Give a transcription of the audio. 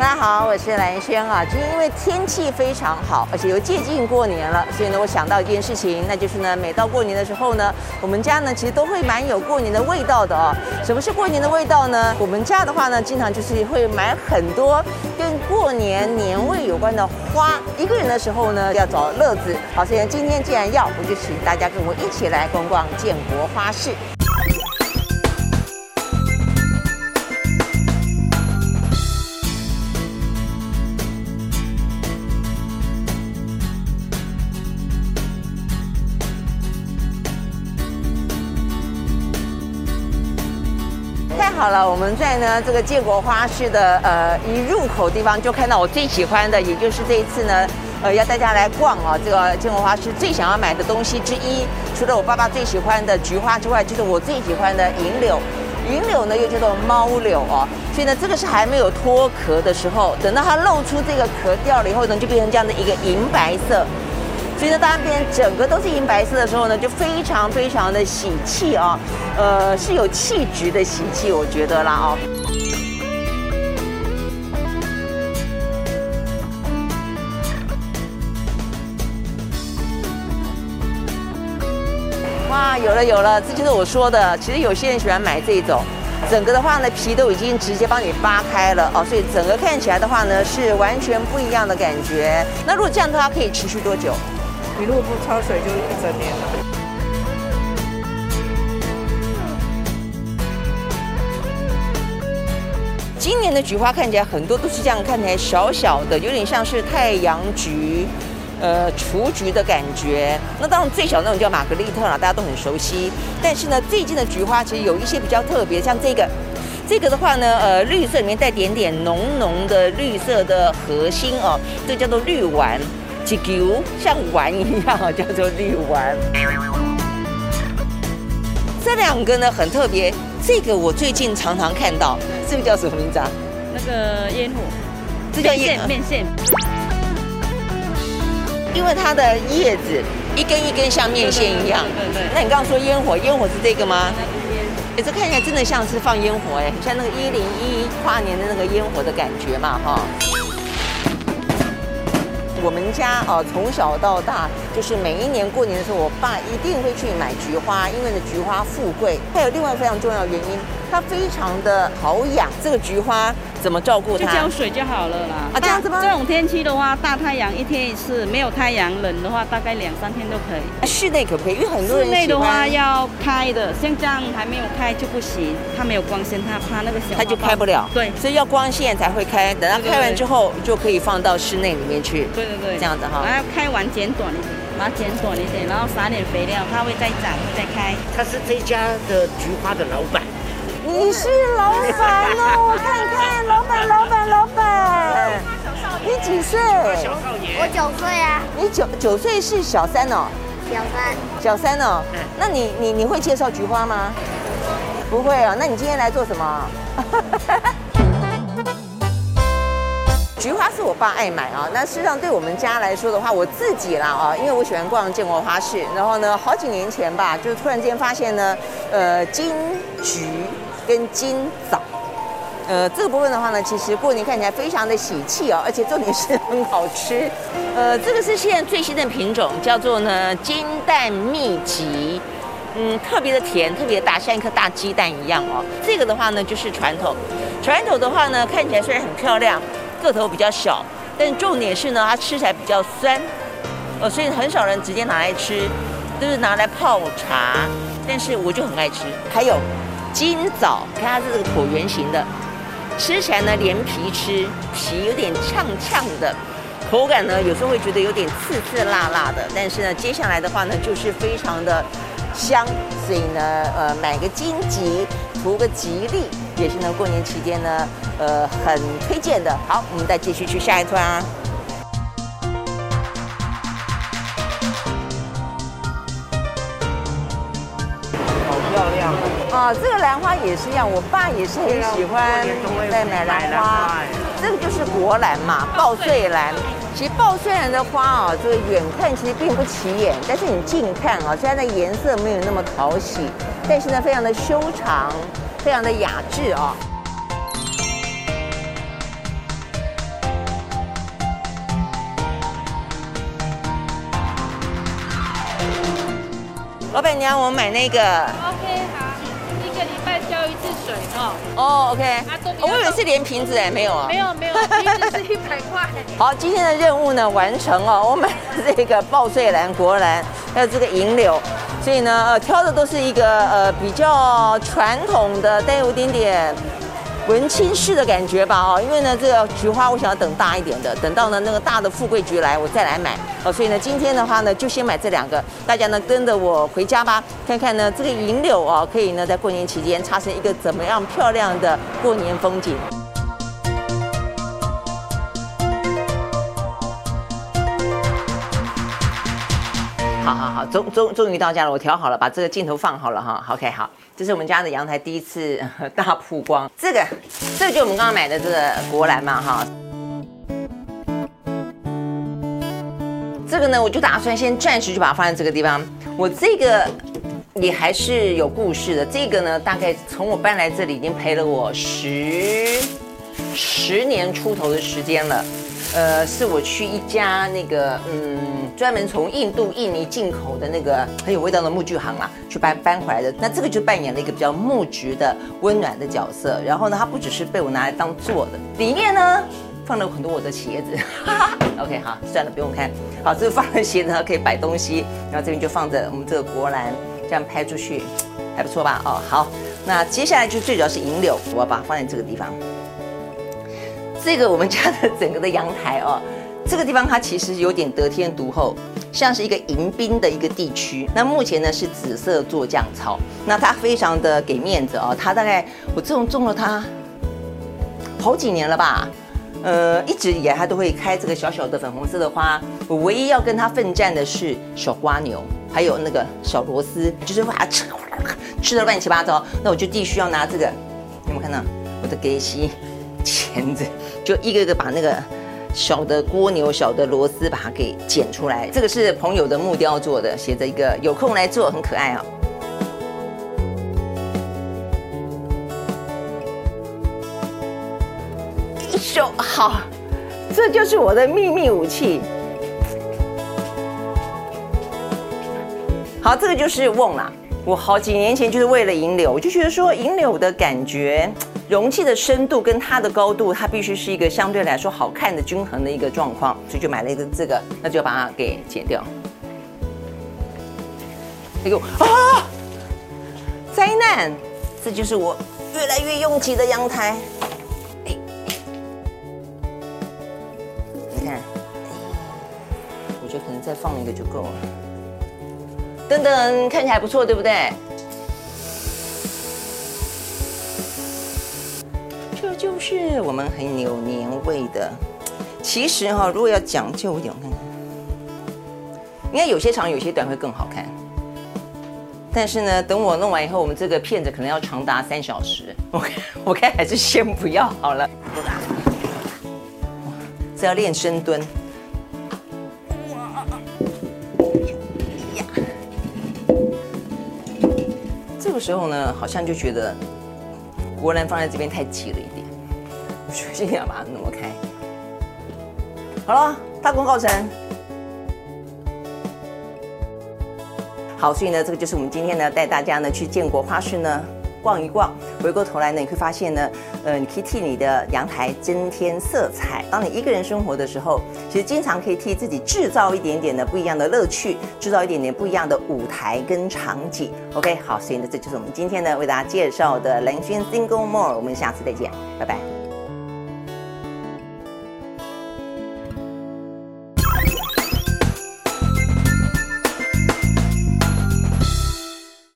大家好，我是蘭萱啊。就是因為天氣非常好，而且又接近過年了，所以呢，我想到一件事情，那就是呢，每到過年的時候呢，我們家呢其實都會蠻有過年的味道的哦。什麼是過年的味道呢？我們家的話呢，經常就是會買很多跟過年年味有關的花。一個人的時候呢，要找樂子。好、啊，所以今天既然要，我就請大家跟我一起來逛逛建國花市。好了，我們在呢這個建國花市的呃一入口地方，就看到我最喜歡的，也就是這一次呢，呃，要大家來逛啊，哦，這個建國花市最想要買的東西之一，除了我爸爸最喜歡的菊花之外，就是我最喜歡的銀柳。銀柳呢又叫做貓柳哦，所以呢，這個是還沒有脫殼的時候，等到它露出這個殼掉了以後呢，就變成這樣的一個銀白色。所以呢，大家變整個都是銀白色的時候呢，就非常非常的喜氣哦，呃是有氣質的喜氣，我覺得啦哦。哇，有了有了，這就是我說的。其實有些人喜歡買這種，整個的話呢皮都已經直接幫你扒開了哦，所以整個看起來的話呢是完全不一樣的感覺。那如果這樣的話，可以持續多久？你如果不焯水，就一整年了。今年的菊花看起來很多都是這樣，看起來小小的，有點像是太陽菊、呃，雛菊的感覺。那當然，最小的那種叫瑪格麗特啦，大家都很熟悉。但是呢，最近的菊花其實有一些比較特別，像這個，這個的話呢，呃，綠色裡面帶點點濃濃的綠色的核心哦，這叫做綠丸。像丸一樣，叫做綠丸。嗯、這兩個呢很特別，這個我最近常常看到，這個對叫什麼名字啊？那個煙火，這叫葉麵線，麵線因為它的葉子一根一根像麵線一樣。對對。對對對，那你剛剛說煙火，煙火是這個嗎？也是看起來真的像是放煙火哎，很像那個一零一跨年的那個煙火的感覺嘛哈。哦我們家啊、呃，從小到大就是每一年過年的時候，我爸一定會去買菊花，因為呢，菊花富貴。還有另外非常重要的原因，它非常的好養。這個菊花。怎麼照顧它？就澆水就好了啦。啊，這樣子吧。這種天氣的話，大太陽一天一次；沒有太陽冷的話，大概兩三天都可以。室內可不可以？因為很多人室內的話要開的，像這樣還沒有開就不行，它沒有光線，它它那個小，它就開不了。對，所以要光線才會開。等它開完之後，就可以放到室內裡面去。對對對，這樣子哈。然後開完剪短一點，把它剪短一點，然後撒點肥料，它會再長，再開。他是這家的菊花的老闆。你是老闆哦， 我看看。歲，是我九歲啊。你九九歲是小三哦，小三。小三哦，嗯、那你你你會介紹菊花嗎？嗯、不會啊、哦。那你今天來做什麼？ 菊花是我爸愛買啊、哦。那實際上對我們家來說的話，我自己啦啊、哦，因為我喜歡逛建國花市。然後呢，好幾年前吧，就突然間發現呢，呃，金橘跟金棗。呃，這個部分的話呢，其實過年看起來非常的喜氣哦，而且重點是很好吃。呃，這個是現在最新的品種，叫做呢金蛋蜜桔。嗯，特別的甜，特別的大，像一顆大雞蛋一樣哦。這個的話呢就是傳統，傳統的話呢看起來雖然很漂亮，個頭比較小，但重點是呢它吃起來比較酸，呃，所以很少人直接拿來吃，都、就是拿來泡茶。但是我就很愛吃。還有金棗，看它是這個橢圓形的。吃起來呢，連皮吃，皮有點嗆嗆的，口感呢，有時候會覺得有點刺刺辣辣的。但是呢，接下來的話呢，就是非常的香，所以呢，呃，買個金桔，圖個吉利，也是呢，過年期間呢，呃，很推薦的。好，我們再繼續去下一串啊。啊、哦，這個蘭花也是一樣，我爸也是很喜歡在買蘭花。這個就是國蘭嘛，報歲蘭。其實報歲蘭的花啊、哦，這個遠看其實並不起眼，但是你近看啊、哦，雖然它顏色沒有那麼討喜，但是呢，非常的修長，非常的雅致哦。老闆娘，我買那個。哦、oh，OK，我以為是連瓶子哎，沒有啊，沒有沒有，瓶子是一百塊。 好，今天的任務呢完成，哦。我們這個報歲蘭、國蘭，還有這個銀柳，所以呢，呃，挑的都是一個呃比較傳統的，帶有點點。文青式的感覺吧，哦，因為呢，這個菊花我想要等大一點的，等到呢那個大的富貴菊來，我再來買，哦，所以呢，今天的話呢，就先買這兩個，大家呢跟着我回家吧，看看呢這個銀柳哦，可以呢在過年期間插成一個怎麼樣漂亮的過年風景。好好好，終終終於到家了，我調好了，把這個鏡頭放好了哈。OK，好，這是我們家的陽台第一次大曝光。這個，這個就我們剛剛買的這個國蘭嘛哈。這個呢，我就打算先暫時就把它放在這個地方。我這個也還是有故事的。這個呢，大概從我搬來這裡已經陪了我十十年出頭的時間了。呃，是我去一家那個，嗯。專門從印度、印尼進口的那個很有味道的木具行啊，去搬搬回來的。那這個就扮演了一個比較木質的溫暖的角色。然後呢，它不只是被我拿來當做的，裡面呢放了很多我的鞋子。 OK，好，算了，不用看。好，這邊放了鞋子然後可以擺東西。然後這邊就放着我們這個國蘭，這樣拍出去還不錯吧？哦，好，那接下來就最主要是銀柳，我要把它放在這個地方。這個我們家的整個的陽台哦。這個地方它其實有點得天獨厚，像是一個迎賓的一個地區。那目前呢是紫色酢醬草，那它非常的給面子哦。它大概我自從種了它好幾年了吧，呃，一直以來它都會開這個小小的粉紅色的花。我唯一要跟它奮戰的是小蝸牛，還有那個小螺絲，就是會把它吃的亂七八糟。那我就必須要拿這個，有沒有看到我的格西鉗子，就一個一個把那個。小的蝸牛，小的螺絲，把它給剪出來。這個是朋友的木雕做的，寫着一個“有空來做”，很可愛哦。一手好，這就是我的秘密武器。好，這個就是甕啦。我好幾年前就是為了銀柳，我就覺得說銀柳的感覺。容器的深度跟它的高度，它必須是一個相對來說好看的、均衡的一個狀況。所以就買了一個這個，那就把它給剪掉。哎呦啊！災難！這就是我越來越擁擠的陽台。哎，哎。你看，我覺得可能再放一個就夠了。噔噔，看起來還不錯，對不對？就是我們很有年味的。其實哈、哦，如果要講究一點，我看應該有些長、有些短會更好看。但是呢，等我弄完以後，我們這個片子可能要長達三小時。我看我看還是先不要好了。這要練深蹲。這個時候呢，好像就覺得國蘭放在這邊太擠了一點。小心 要把它挪開。好了，大功告成。好，所以呢，這個就是我們今天呢帶大家呢去建國花市呢逛一逛。回過頭來呢，你會發現呢，嗯、呃，你可以替你的陽台增添色彩。當你一個人生活的時候，其實經常可以替自己製造一點點的不一樣的樂趣，製造一點點不一樣的舞台跟場景。OK，好，所以呢，這就是我們今天呢為大家介紹的《蘭萱 Single More》。我們下次再見，拜拜。